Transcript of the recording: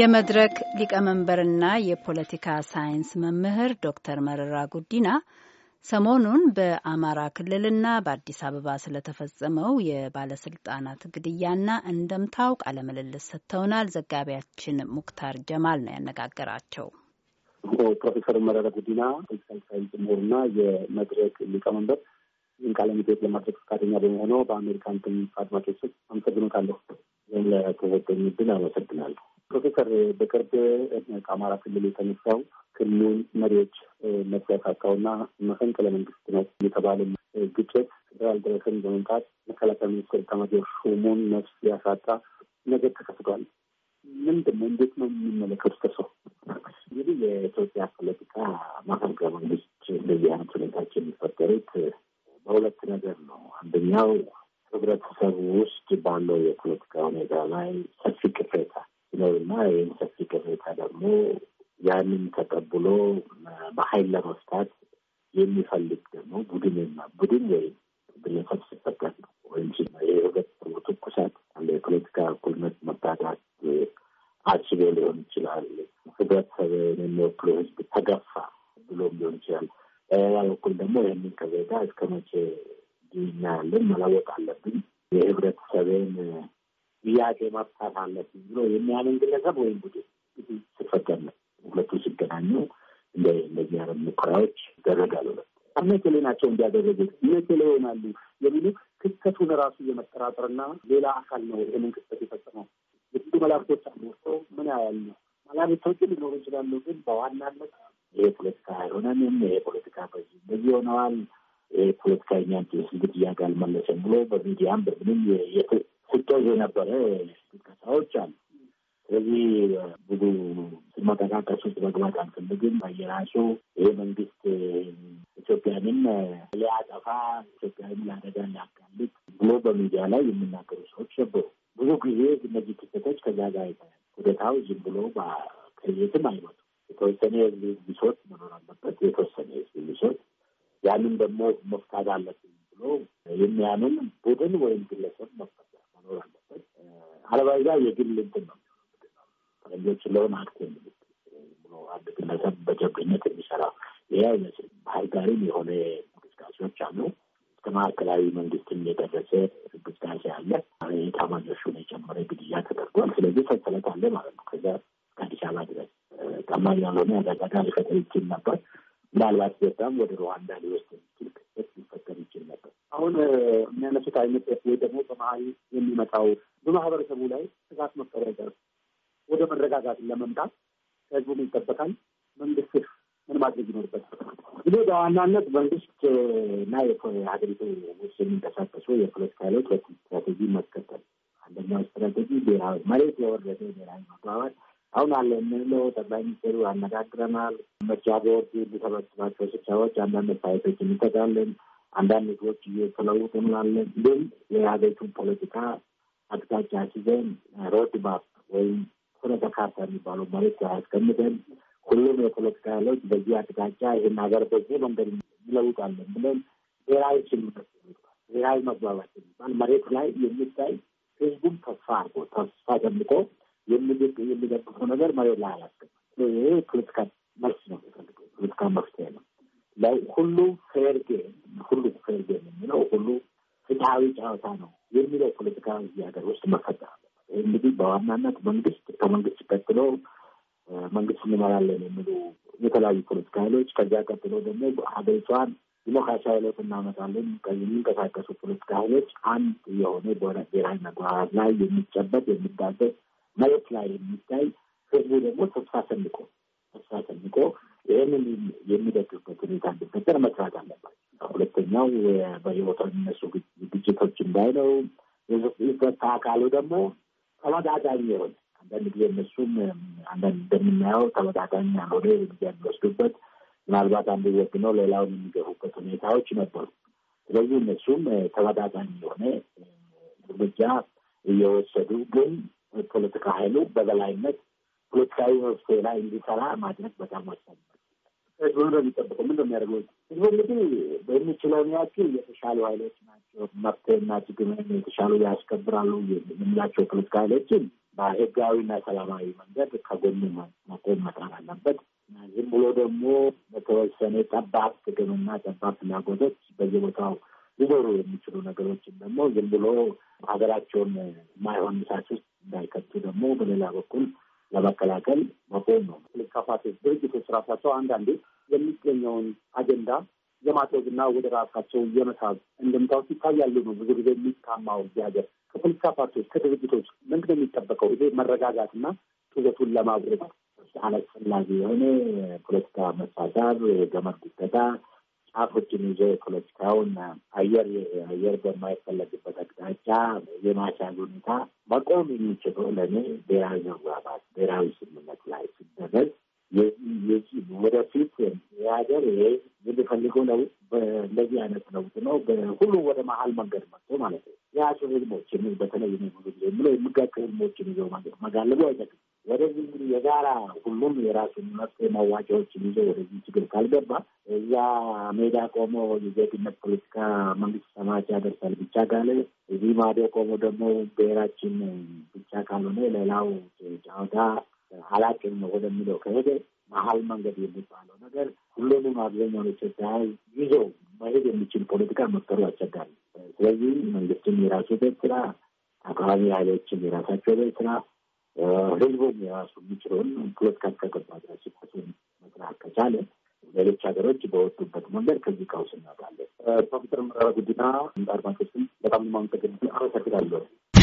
የመድረክ ሊቀመንበርና የፖለቲካ ሳይንስ መምህር ዶክተር መረራ ጉዲና ሰሞኑን በአማራ ክልልና በአዲስ አበባ ስለተፈጸመው የባለስልጣናት ግድያና እንደምታው ቃለ ምልልስ ሰጥተውናል። ዘጋቢያችን ሙክታር ጀማል ነው ያነጋገራቸው። ፕሮፌሰር መረራ ጉዲና ፖለቲካል ሳይንስ ምሁርና የመድረክ ሊቀመንበር ይህን ቃለ መጠይቅ ለማድረግ ፈቃደኛ በመሆነው በአሜሪካን ድምፅ አድማጮች አመሰግኖታለሁ። ይህም ለተሰጠኝ አመሰግናለሁ። ፕሮፌሰር በቅርብ ከአማራ ክልል የተነሳው ክልሉን መሪዎች መተካካውና መፈንቅለ መንግስት ነው የተባለ ግጭት ፌደራል ድረስን በመምጣት መከላከያ ሚኒስትር ኤታማዦር ሹሙን ነፍስ ያሳጣ ነገር ተከስቷል። ምንድን ነው? እንዴት ነው የሚመለከቱት? እርስዎ እና ይህን ሰፊ ቅሬታ ደግሞ ያንን ተቀብሎ በኃይል ለመፍታት የሚፈልግ ደግሞ ቡድን ቡድን ወይም ግለሰብ ሲፈቀድ ነው እንጂ የህብረት አለ የፖለቲካ እኩልነት መጣጣት አስቦ ሊሆን ይችላል። ህብረተሰብን የሚወክሉ ህዝብ ተገፋ ብሎም ሊሆን ይችላል። በሌላ በኩል ደግሞ ይህንን ከዜጋ እስከ መቼ ዲኛ ያለን መለወጥ አለብን የህብረተሰብን ጥያቄ መፍታት አለብን ብሎ የሚያምን ግለሰብ ወይም ቡድን ሲፈቀድ ነው። ሁለቱ ሲገናኙ እንደዚህ ያለ ሙከራዎች ይደረጋሉ። እነቴሌ ናቸው እንዲያደረጉት እነቴሌ ይሆናሉ የሚሉ ክስተቱን ራሱ የመጠራጠርና ሌላ አካል ነው ይህንን ክስተት የፈጸመው የብዙ መላእክቶች አምርቶ ምን ያያል ነው መላእክቶች ሊኖሩ ይችላሉ። ግን በዋናነት ይሄ ፖለቲካ አይሆነንም፣ ይሄ ፖለቲካ በዚ እንደዚህ ሆነዋል፣ ይሄ ፖለቲካ እኛን እንግዲህ እያጋል መለሰም ብሎ በሚዲያም በምንም ሲገዝ የነበረ ቅስቀሳዎች አሉ። ስለዚህ ብዙ መቀቃቀስ ውስጥ መግባት አልፈልግም። በየራሱ ይህ መንግስት ኢትዮጵያንም ሊያጠፋ ኢትዮጵያንም ለአደጋ ሊያጋልጥ ብሎ በሚዲያ ላይ የሚናገሩ ሰዎች ነበሩ። ብዙ ጊዜ እነዚህ ክስተቶች ከዛ ጋር ይታያል። ዝም ብሎ ከየትም አይመጡ። የተወሰነ የህዝብ ብሶት መኖር አለበት። የተወሰነ የህዝብ ብሶት ያንን ደግሞ መፍታት አለብን ብሎ የሚያምን ቡድን ወይም ግለሰብ መፍታት መኖር አለበት። አለበለዚያ የግል እንትን ነው ፈረንጆች ስለሆነ አክት ብሎ አንድ ግለሰብ በጀብኝነት የሚሰራ ይህ አይመስል ባህር ጋሪም የሆነ እንቅስቃሴዎች አሉ። እስከ ማዕከላዊ መንግስትም የደረሰ እንቅስቃሴ አለ። የታማኞቹን የጨመረ ግድያ ተደርጓል። ስለዚህ ሰንሰለት አለ ማለት ነው። ከዚያ ከአዲስ አበባ ድረስ ቀላል ያልሆነ አደጋ ሊፈጠር ይችል ነበር። ምናልባት በጣም ወደ ሩዋንዳ ሊወስድ አሁን የሚያነሱት አይነት ወይ ደግሞ በመሀል የሚመጣው በማህበረሰቡ ላይ ስጋት መፈረገር ወደ መረጋጋት ለመምጣት ከህዝቡ ይጠበቃል። መንግስት ምን ማድረግ ይኖርበታል? እንግዲህ በዋናነት መንግስት እና የሀገሪቱ ውስጥ የሚንቀሳቀሱ የፖለቲካ ኃይሎች ስትራቴጂ መከተል፣ አንደኛው ስትራቴጂ መሬት የወረደ ብሔራዊ መግባባት አሁን አለ የምንለው ጠቅላይ ሚኒስትሩ አነጋግረናል። ምርጫ ቦርድ የተሰበሰባቸው ስብሰባዎች አንዳንድ ሳይቶች እንተጋለን አንዳንድ ህዝቦች እየተለወጡ ምናለን ግን የሀገሪቱን ፖለቲካ አቅጣጫ ሲዘን ሮድ ማፕ ወይም ሁነተ ካርታ የሚባለው መሬት ያስቀምጠን ሁሉም የፖለቲካ ያለች በዚህ አቅጣጫ ይህን ሀገር በዚህ መንገድ ይለውጣለን ብለን ብሔራዊ ስምምነት ብሔራዊ መግባባት የሚባል መሬት ላይ የሚታይ ህዝቡም ተስፋ አርጎ ተስፋ ደምቆ የሚደግፈው ነገር መሬት ላይ አላስቀምጥ። ይሄ ፖለቲካ መልስ ነው የሚፈልገው ፖለቲካ መፍትሄ ነው። ላይ ሁሉ ፌር ጌም ሁሉ ፌር ጌም የሚለው ሁሉ ፍትሐዊ ጨዋታ ነው የሚለው ፖለቲካ እዚህ ሀገር ውስጥ መፈጠር አለበት። ይህ እንግዲህ በዋናነት መንግስት ከመንግስት ቀጥሎ መንግስት እንመራለን የሚሉ የተለያዩ ፖለቲካ ኃይሎች ከዚያ ቀጥሎ ደግሞ ሀገሪቷን ዲሞክራሲያዊ ለውጥ እናመጣለን የሚንቀሳቀሱ ፖለቲካ ኃይሎች አንድ የሆነ ብሔራዊ መግባባት ላይ የሚጨበጥ የሚዳበት መሬት ላይ የሚታይ ህዝቡ ደግሞ ተስፋ ሰንቆ ተስፋ ሰንቆ ይህንን የሚደግፉ ሁኔታ እንዲፈጠር መስራት አለባቸው። ሁለተኛው በህይወት የሚነሱ ግጭቶች እንዳይለው የጸጥታ አካሉ ደግሞ ተመጣጣኝ የሆነ አንዳንድ ጊዜ እነሱም አንዳንድ እንደምናየው ተመጣጣኝ ያልሆነ እርምጃ የሚወስዱበት ምናልባት አንዱ ወግ ነው ሌላውን የሚገፉበት ሁኔታዎች ነበሩ። ስለዚህ እነሱም ተመጣጣኝ የሆነ እርምጃ እየወሰዱ ግን ፖለቲካ ኃይሉ በበላይነት ፖለቲካዊ መፍትሄ ላይ እንዲሰራ ማድረግ በጣም ወሳኝ ምንድነው የሚጠብቀው? ምንድነው የሚያደርገው? ህዝቡ እንግዲህ በሚችለውን ያክል የተሻሉ ኃይሎች ናቸው መብትና ጥቅምን የተሻሉ ያስከብራሉ የምንላቸው ፖለቲካ ኃይሎችን በህጋዊና ሰላማዊ መንገድ ከጎኑ መቆም መጣር አለበት። ዝም ብሎ ደግሞ በተወሰነ ጠባብ ጥቅምና ጠባብ ፍላጎቶች በየቦታው ሊኖሩ የሚችሉ ነገሮችን ደግሞ ዝም ብሎ ሀገራቸውን ማይሆን ምሳች ውስጥ እንዳይከቱ ደግሞ በሌላ በኩል ለመከላከል መቆም ነው። ልካፋቶች ድርጅቶች ራሳቸው አንዳንዴ የሚገኘውን አጀንዳ የማጥወዝና ወደ ራሳቸው የመሳብ እንደምታወስ ይታያሉ ነው ብዙ ጊዜ የሚታማው እዚህ ሀገር። ከፖለቲካ ፓርቲዎች ከድርጅቶች ምንድን ነው የሚጠበቀው? ይሄ መረጋጋትና ጡዘቱን ለማብረት አላስፈላጊ የሆነ ፖለቲካ መሳሳብ፣ ገመድ ጉተታ ጫፎችን ይዞ የፖለቲካውን አየር አየር በማይፈለግበት አቅጣጫ የማቻል ሁኔታ መቆም የሚችለው ለእኔ ብሔራዊ መግባባት፣ ብሔራዊ ስምምነት ላይ ሲደረግ ወደፊት የሀገር የሚፈልገው ለውጥ እንደዚህ አይነት ለውጥ ነው። ሁሉ ወደ መሀል መንገድ መጥቶ ማለት ነው። የያሱ ህልሞችን በተለይ ብዙ ጊዜ የምለው የሚጋጩ ህልሞችን ይዘው መጋለቡ አይጠቅም። ወደዚህ የጋራ ሁሉም የራሱን መፍትሄ መዋጫዎችን ይዞ ወደዚህ ችግር ካልገባ እዛ ሜዳ ቆሞ የዜግነት ፖለቲካ መንግስት ሰማች ያደርሳል ብቻ ካለ እዚህ ማዶ ቆሞ ደግሞ ብሔራችን ብቻ ካልሆነ ሌላው ጫወታ አላቅም ወደሚለው ከሄደ መሀል መንገድ የሚባለው ነገር ሁሉንም አብዛኛውን ኢትዮጵያ ይዞ መሄድ የሚችል ፖለቲካ መፍጠሩ አስቸጋሪ። ስለዚህ መንግስትም የራሱ ቤት ስራ፣ አካባቢ ኃይሎችም የራሳቸው ቤት ስራ ህዝቡን የራሱ የሚችለውን ፖለቲካ እስከገባ ድረስ ሲቆሱን መስራት ከቻለ ሌሎች ሀገሮች በወጡበት መንገድ ከዚህ ቀውስ እናውቃለን። ፕሮፌሰር መረራ ጉዲና አድማጮችም በጣም ማመሰግናለሁ። አመሰግናለሁ።